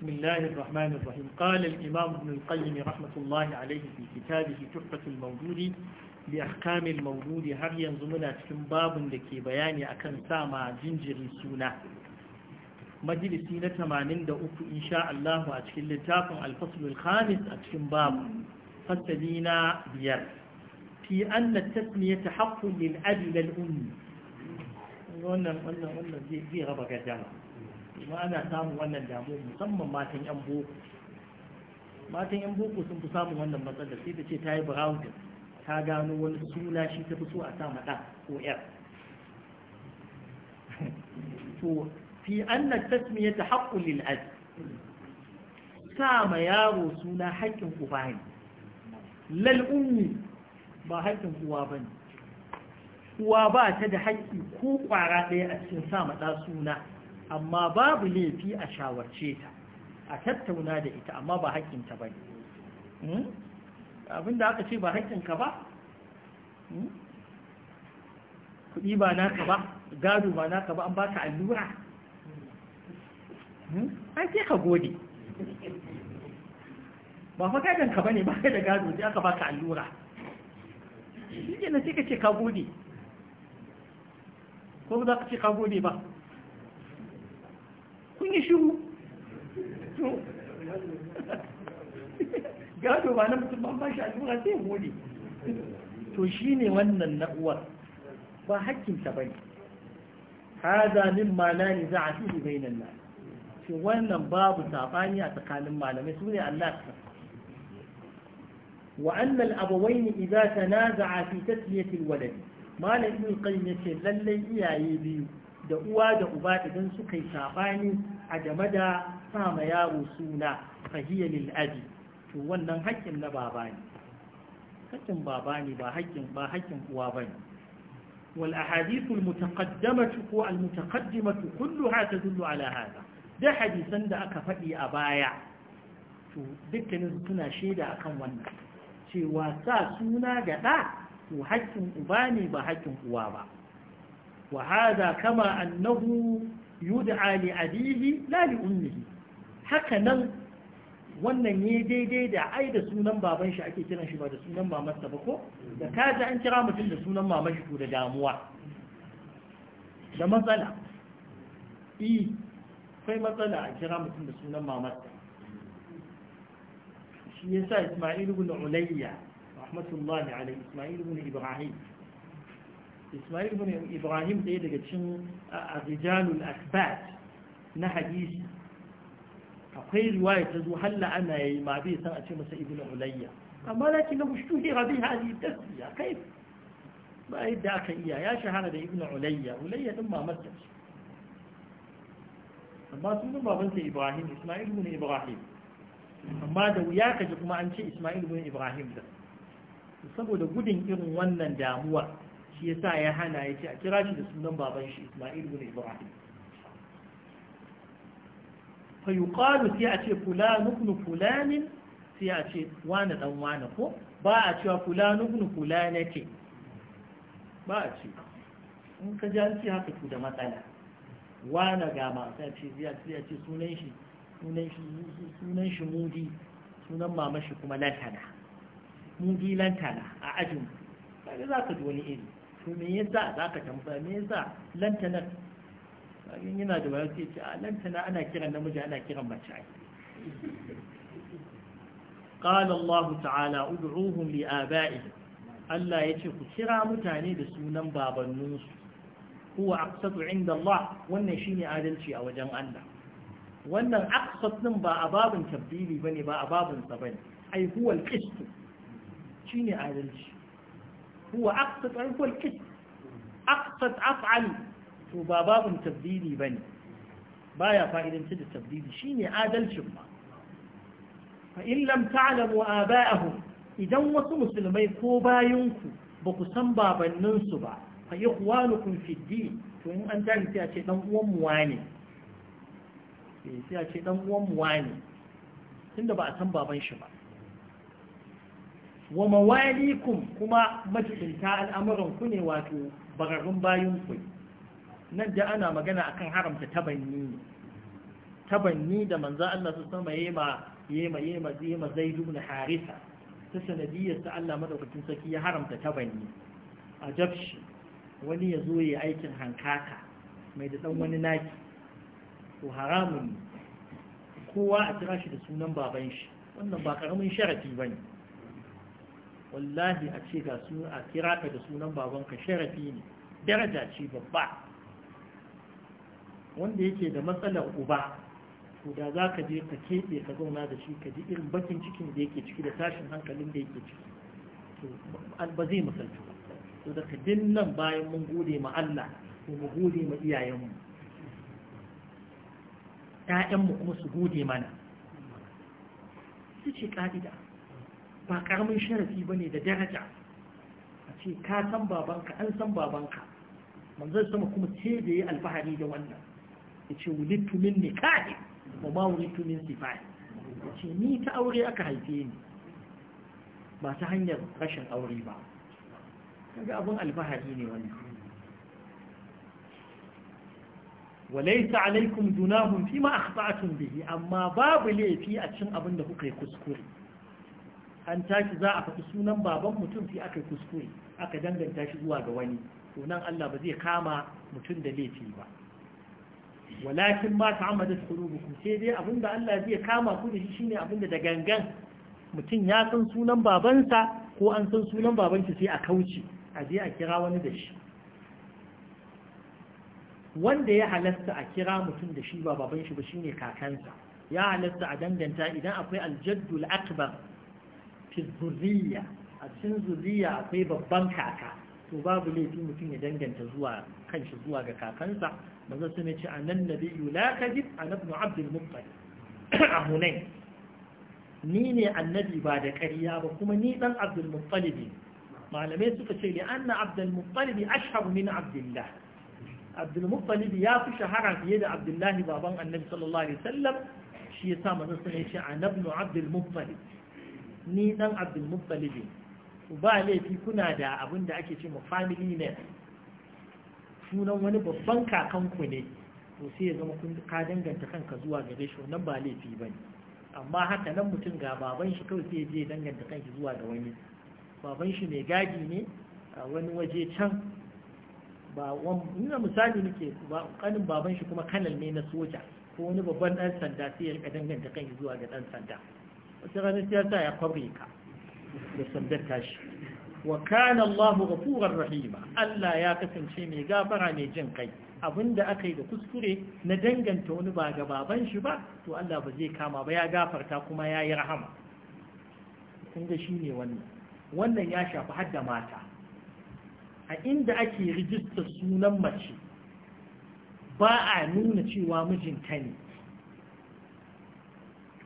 بسم الله الرحمن الرحيم قال الإمام ابن القيم رحمة الله عليه في كتابه تحفة الموجود لأحكام الموجود هل ينظمنا تكن باب لكي بياني أكن سامع جنجر سونا مجلسي نتمانين دعوك إن شاء الله أتكن لتاف الفصل الخامس أتكن باب فسلينا بير في أن التسمية حق للأب للأم wannan wannan wannan zai raba gajama kuma ana samun wannan damu musamman matan yan boko matan yan boko sun fi samun wannan matsalar sai ta ce ta yi browsing ta gano wani suna shi ta fi so a sa maɗa ko yar to fi anna tasmiya ta haƙƙun lil'ad sa ma yaro suna haƙƙin uba ne lal'ummi ba haƙƙin uwa ba ne uwa ba ta da haƙƙi ko ƙwara ɗaya a cikin sa maɗa suna amma babu laifi a shawarce ta a tattauna da ita amma ba haƙƙinta ba ne hmm? abinda aka ce ba haƙƙinka ba hmm? kuɗi ba naka ba gado ba naka ba an ba ka allura hmm? an ce ka gode ba fa gadonka ba ne ba da gado sai aka ba ka allura shi na sai ka ce ka gode ko ba za ka ce ka gode ba yi shiru gado ba na mutum ban bashi allura sai gode to shi ne wannan na'uwar ba hakkinta ba ne haza min malani za a fiye bai nan shi wannan babu sabani a tsakanin malamai su ne Allah ta wa annal na idza tanaza'a fi tasliyati alwalad malamin ibn qayyim yace lallai iyaye biyu da uwa da uba idan suka yi sabani a game da sama yaro suna fahiyya lil abi to wannan haƙƙin na baba ne haƙƙin baba ne ba haƙƙin ba haƙƙin uwa bane wal ahadithul mutaqaddamatu ko al mutaqaddimatu kulluha tadullu ala hada da hadisan da aka faɗi a baya to dukkanin suna shaida akan wannan cewa sa suna ga ɗa to haƙƙin uba ne ba haƙƙin uwa ba wa hada kama annahu yud'a Ali abihi la li ummihi haka nan wannan ne daidai da ai da sunan baban shi ake kiran shi ba da sunan mamarsa ba ko da kaji an kira mutum da sunan mamar shi ko da damuwa da matsala i kai matsala a kira mutum da sunan mamarsa shi yasa Isma'il ibn Ulayya rahmatullahi alaihi Isma'il ibn Ibrahim ismail ibn ibrahim ɗaya daga cin rijalul akbat na hadisi akwai riwaya ta zo halla ana yi ma bai san a ce masa ibn ulayya amma lakin na gushtu ke rabi hali gaskiya kai ba yadda aka iya ya shahara da ibn ulayya ulayya din mamarsa ce amma sunan babansa ibrahim ismail ibn ibrahim amma da wuya ka kuma an ce ismail ibn ibrahim da saboda gudun irin wannan damuwa shi sa ya hana ya ce a kira shi da sunan baban shi Isma'il ibn Ibrahim fa yuqalu sai a ce fulan ibn fulan sai a ce wani dan wani ko ba a cewa fulan ibn fulan yake ba a ce in ka ji an ce haka ku da matsala wani ga ma sai ce sai a ce sunan shi sunan shi sunan shi mudi sunan mama shi kuma lantana mudi lantana a ajin kaga za ka ji wani iri to me yasa za ka tambaya me yasa lantana yana da wayo sai ce a lantana ana kiran namiji ana kiran mace ai qala Allah ta'ala ud'uhum li aba'ihim Allah yace ku kira mutane da sunan babanninsu huwa aqsatu inda Allah wannan shine adalci a wajen Allah wannan aqsat din ba a babin tabbili bane ba a babin ba bane ai huwa al-qist shine adalci huwa aqsat an kuwa kit aqsat to ba babun tabdili bane baya fa'idanci da tabdili shine adalcin ma fa in lam ta'lamu aba'ahum idan wasu musulmai ko bayanku ba ku san babanninsu ba fa ikhwanukum fi din to an tashi ce ce uwan mu tunda ba a san baban shi ba wa mawalikum kuma majibinta al'amuran ku ne wato bararrun bayan nan da ana magana akan haramta tabanni tabanni da manza Allah su sama yema yema yema yema zaid ibn harisa ta sanadiyar ta Allah madaukakin sarki ya haramta tabanni a jabshi wani ya zo ya aikin hankaka mai da ɗan wani naki to haramun kowa a kira shi da sunan baban shi wannan ba karamin sharafi bane wallahi a ce ga su a kira ka da sunan babanka sharafi ne daraja ce babba wanda yake da matsalar uba to da za ka je ka keɓe ka zauna da shi ka ji irin bakin cikin da yake ciki da tashin hankalin da yake ciki to ba zai misalci ba to da kadin nan bayan mun gode ma Allah ko mu gode ma iyayenmu ƴaƴanmu kuma su gode mana su ce ƙa'ida ba karamin sharafi ba ne da daraja a ce ka san babanka an san babanka manzon sama kuma ce da yi alfahari da wannan ya ce wulittu min nikahi wa ma wulittu min sifahi ya ce ni ta aure aka haife ni ba ta hanyar rashin aure ba kaga abin alfahari ne wannan وليس عليكم جناح فيما أخطأتم به أما باب لي في أتشن أبن ده كي كسكري an tashi za a faɗi sunan baban mutum sai aka kuskure aka danganta shi zuwa ga wani to nan Allah ba zai kama mutum da laifi ba walakin ma ta'ammadat qulubukum sai dai abinda Allah zai kama ku da shi shine abinda da gangan mutum ya san sunan babansa ko an san sunan babansa sai a kauce a je a kira wani da shi wanda ya halasta a kira mutum da shi ba baban shi ba shine kakansa ya halasta a danganta idan akwai aljaddul akbar fi zuriya a cikin zuriya akwai babban kaka to babu laifi mutum ya danganta zuwa kanshi zuwa ga kakansa maza su ne ce a nan na biyu la kadib a na ibn abdul muttalib a hunain ni ne annabi ba da ƙarya ba kuma ni dan abdul muttalib malamai suka ce an na abdul muttalib ashhab min abdullah abdul muttalib ya fi shahara fiye da abdullahi baban annabi sallallahu alaihi wasallam shi ya sa maza su ne ce a na ibn abdul muttalib ni dan abdul muttalib ba laifi kuna da abin da ake ce ma family name sunan wani babban kakanku ne to sai ya zama ka danganta kanka zuwa gare shi wannan ba laifi bane amma haka nan mutum ga baban shi kawai sai je danganta kanki zuwa ga wani baban shi mai gadi ne a wani waje can ba wani misali nake kanin baban shi kuma kanal ne na soja ko wani babban dan sanda sai ya rika danganta kanki zuwa ga dan sanda wata ranar siyasa ya kwabre ka da sandar tashi wa kana Allah ghafurar rahima Allah ya kasance mai gafara mai jin kai abinda aka yi da kuskure na danganta wani ba ga baban shi ba to Allah ba zai kama ba ya gafarta kuma ya yi rahama kun ga ne wannan wannan ya shafi hadda mata a inda ake rijistar sunan mace ba a nuna cewa mijinta ne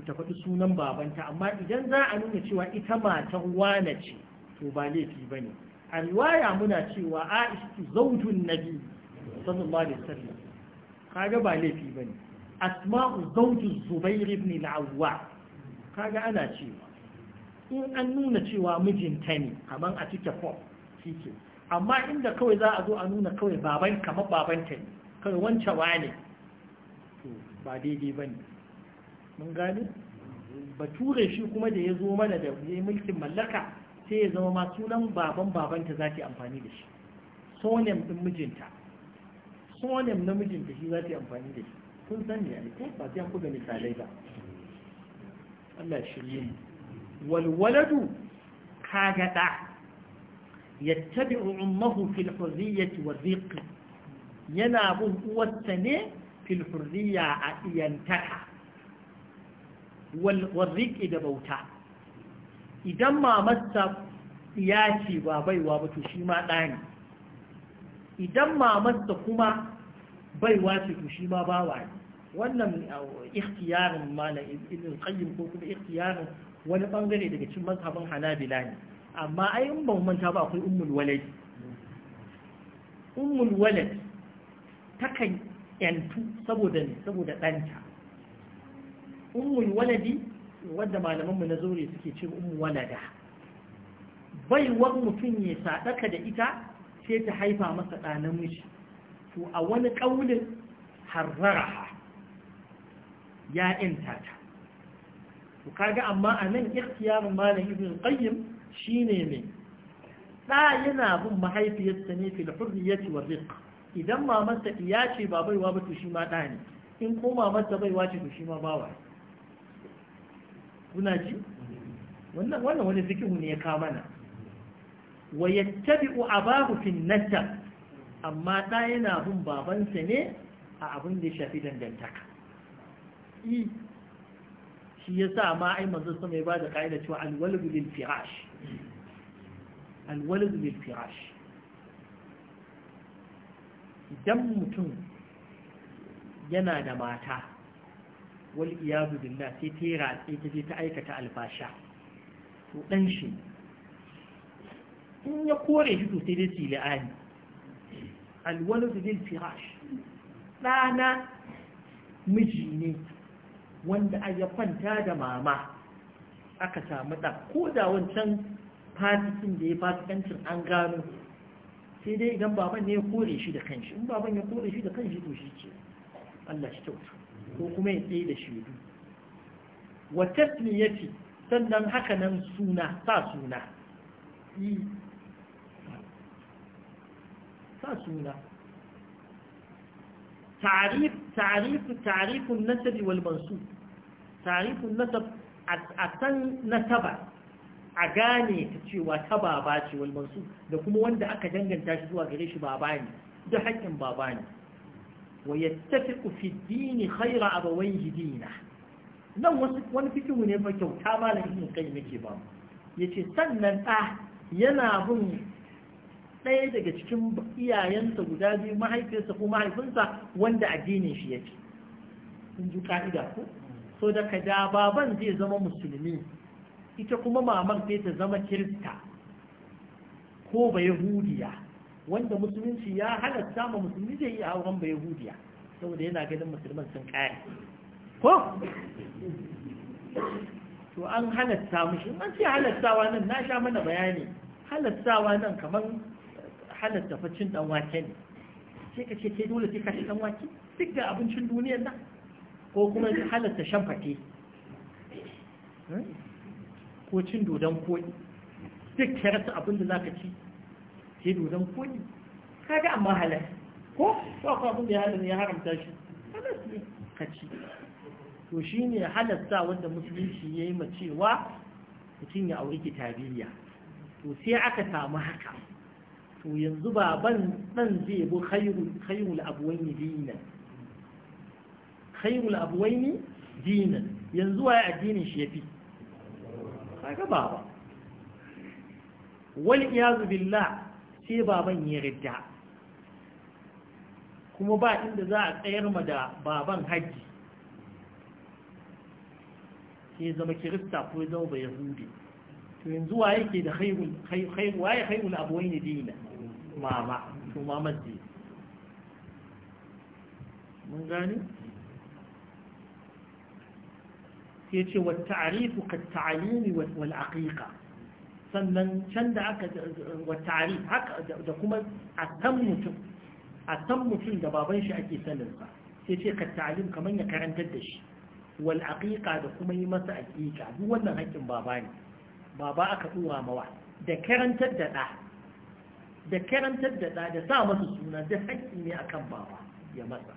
to ta faɗi sunan babanta amma idan za a nuna cewa ita matan wane ce to ba laifi ba ne a riwaya muna cewa a zautun nabi sallallahu alaihi wasallam kaga ba laifi ba ne asma'u zaujun zubair ibn al-awwa kaga ana cewa in an nuna cewa mijinta ne kamar a cike form cikin amma inda kawai za a zo a nuna kawai baban kamar babanta ne kawai wancan wane to ba daidai ba ne mun gane bature shi kuma da ya zo mana da ya yi mulkin mallaka sai ya zama ma sunan baban babanta za ta yi amfani da shi sonem din mijinta sonem na mijinta shi za ta yi amfani da shi kun san ne ai ba sai ku ga misalai ba Allah shirye mu wal waladu kaga da yattabi'u ummuhu fil hurriyyati wa dhiqi yana bin uwarsa ne fil hurriya a iyantaka warriƙi da bauta idan mamarsa ya ce ba baiwa ba to shi ma ɗa idan mamarsa kuma baiwa ce to shi ma bawa ne wannan uh, ikhtiyarin mana ibn qayyim ko kuma ikhtiyarin wani bangare daga cikin mazhabin hanabila ne amma ai ban manta ba akwai ummul walad ummul walad takan yantu saboda ne saboda danta. ummul waladi wanda malamanmu na zuri suke ce ummu walada baiwar mutum ya sadaka da ita sai ta haifa masa ɗa namiji to a wani ƙaunin harraraha ya inta ta to kaga amma a nan ikhtiyarin malam ibn qayyim shine mai ɗa yana bin mahaifiyarsa ne fil hurriyati wa rizq idan mamanta iya ce ba baiwa ba to shi ma ɗa ne in ko mamanta baiwa ce to shi ma bawa ne kuna ji wannan wannan wani zikihu ne ya kawo mana wa yattabi'u abahu fi nasab amma da yana bin babansa ne a abin da ya shafi dangantaka i shi yasa ma ai manzo sama ya bada kaida cewa alwaladu lil firash alwaladu lil firash idan mutum yana da mata wal iyadu billah sai ta yi ratse ta je ta aikata albasha to dan shi in ya kore shi to sai dai su yi la'ani alwaladu bil firash ɗana miji ne wanda a ya kwanta da mama aka samu da. ko da wancan fasikin da ya fasikancin an gano sai dai idan baban ne ya kore shi da kanshi in baban ya kore shi da kanshi to shi ce Allah shi kyautu ko kuma ya tsaye da shaidu wa tasliyati sannan haka nan suna sa suna sa suna تعريف تعريف تعريف النسب والمنسوب تعريف النسب أتن نسبة a gane ta cewa ta baba ce da kuma wanda aka danganta shi zuwa gare shi baba ne da haƙƙin baba ne ويتفق في الدين خير أبويه دينه نو ونفكه نفكه كما لإبن القيم كبام يتي سنن أه ينابن ɗaya daga cikin iyayensa guda biyu mahaifinsa ko mahaifinsa wanda addinin shi yake sun ji ka'ida ko so da da baban zai zama musulmi ita kuma mamar zai ta zama kirista ko ba yahudiya wanda musulunci ya halatta ma musulmi zai yi auren ba yahudiya saboda yana ganin musulman sun kare ko to an halatta mushi an ce halattawa nan na sha mana bayani halattawa nan kamar halatta facin dan wake ne sai ka ce sai dole sai ka ci dan wake duk da abincin duniyar nan ko kuma halatta shan fate hmm? ko cin dodon koɗi duk ka rasa abin da za ka ci sai dodon koli kaga amma halal ko to akwai abin da ya halal ya haramta shi halal ne ka ci to shine halalta wanda musulunci yayi ma cewa mutum ya auri kitabiyya to sai aka samu haka to yanzu baban dan zai bu khairul khairul abwaini dinan khairul abwaini dinan yanzu waye addinin shi yafi kaga baba wal iyazu billah sai baban ya ridda kuma ba inda za a tsayar ma da baban hajji sai zama kirista ko zama bai yahudi to yanzu wa yake da haihun abuwai ne dina mama to mamar ce mun gani sai ce wata ta'arifu ka ta'alimi wal aqiqa sannan can da aka wa tari da kuma a tan mutum a tan mutum da baban shi ake saninsa sai ce ka ta'alim kamar ya karantar da shi wal aqiqa da kuma yi masa aqiqa duk wannan haƙƙin baba ne baba aka tura mawa da karantar da da da karantar da da da sa masa suna duk haƙƙi ne akan baba ya masa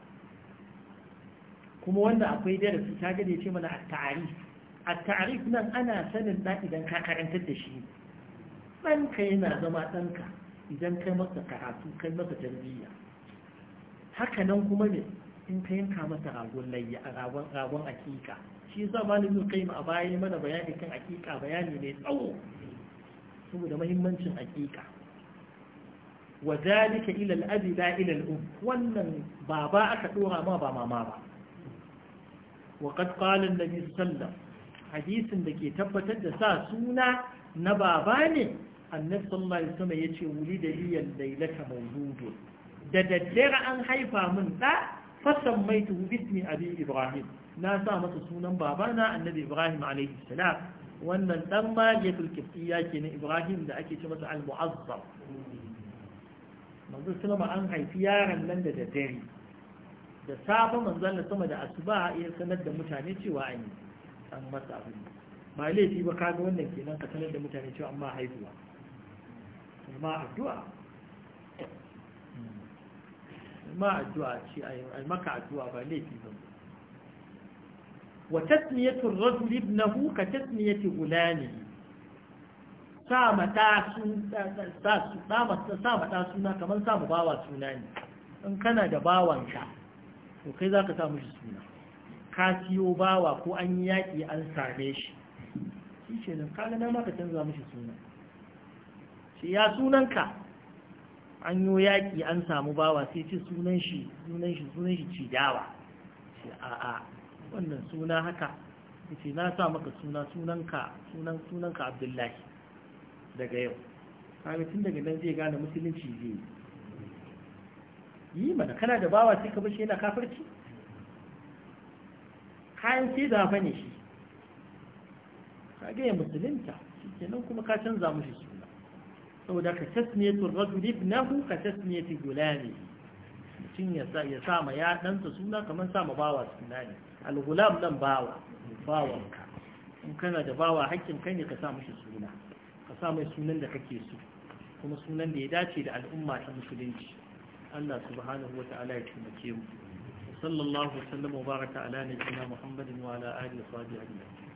kuma wanda akwai darasi ta gade ce mana at-ta'rif at-ta'rif nan ana sanin da idan ka karantar da shi ɗanka yana zama ɗanka idan kai masa karatu kai masa tarbiyya haka nan kuma ne in ka yanka masa ragon layya a ragon akika shi sa malamin kai a baya mana bayani kan akika bayani mai tsawo saboda mahimmancin akika wa zalika ila al-abi la ila al-um wannan baba aka dora ma ba mama ba wa qad qala an-nabi sallallahu hadisin da ke tabbatar da sa suna na baba ne annabi sallallahu alaihi wasallam yace wuri da liyal lailata mawludun da daddare an haifa min da fasan mai tuhu bismi abi ibrahim na sa masa sunan babana annabi ibrahim alaihi salam wannan dan majiyatul kiftiya ke na ibrahim da ake ce masa al-mu'azzam manzo sallama an haifi yaron nan da daddare da safe manzon da sama da asuba ya sanar da mutane cewa an yi an masa abin ba laifi ba kaga wannan kenan ka sanar da mutane cewa amma haihuwa ma ce ai maka addu'a ba laifi ba wa tasmiyatu ar-rajul ibnahu ka tasmiyati gulanihi sa mata suna kamar sa mu bawa suna in kana da bawanka to kai za ka sa mishi suna ka siyo bawa ko an yaƙi an same shi shi ce nan kaga na maka canza mishi suna ce ya sunanka an yi yaƙi an samu bawa sai ce sunan shi sunan shi sunan shi cidawa ce a'a wannan suna haka ce na sa maka suna sunanka sunan sunanka abdullahi daga yau kaga tun daga nan zai gane musulunci zai yi mana kana da bawa sai ka bashi yana kafirci kayan sai da fa ne shi kage ya musulunta nan kuma ka canza mushi saboda ka tasmiyatu rajul ibnahu ka tasmiyatu gulami mutum ya sa ya sa ma ya ɗansa suna kamar sama bawa suna ne al-gulam dan bawa bawanka in kana da bawa hakkin kai ne ka sa mishi suna ka sa mai sunan da kake so kuma sunan da ya dace da al'umma ta musulunci Allah subhanahu wa ta'ala ya taimake mu sallallahu alaihi wa sallam wa baraka ala nabiyyina muhammadin wa ala alihi wa sahbihi ajma'in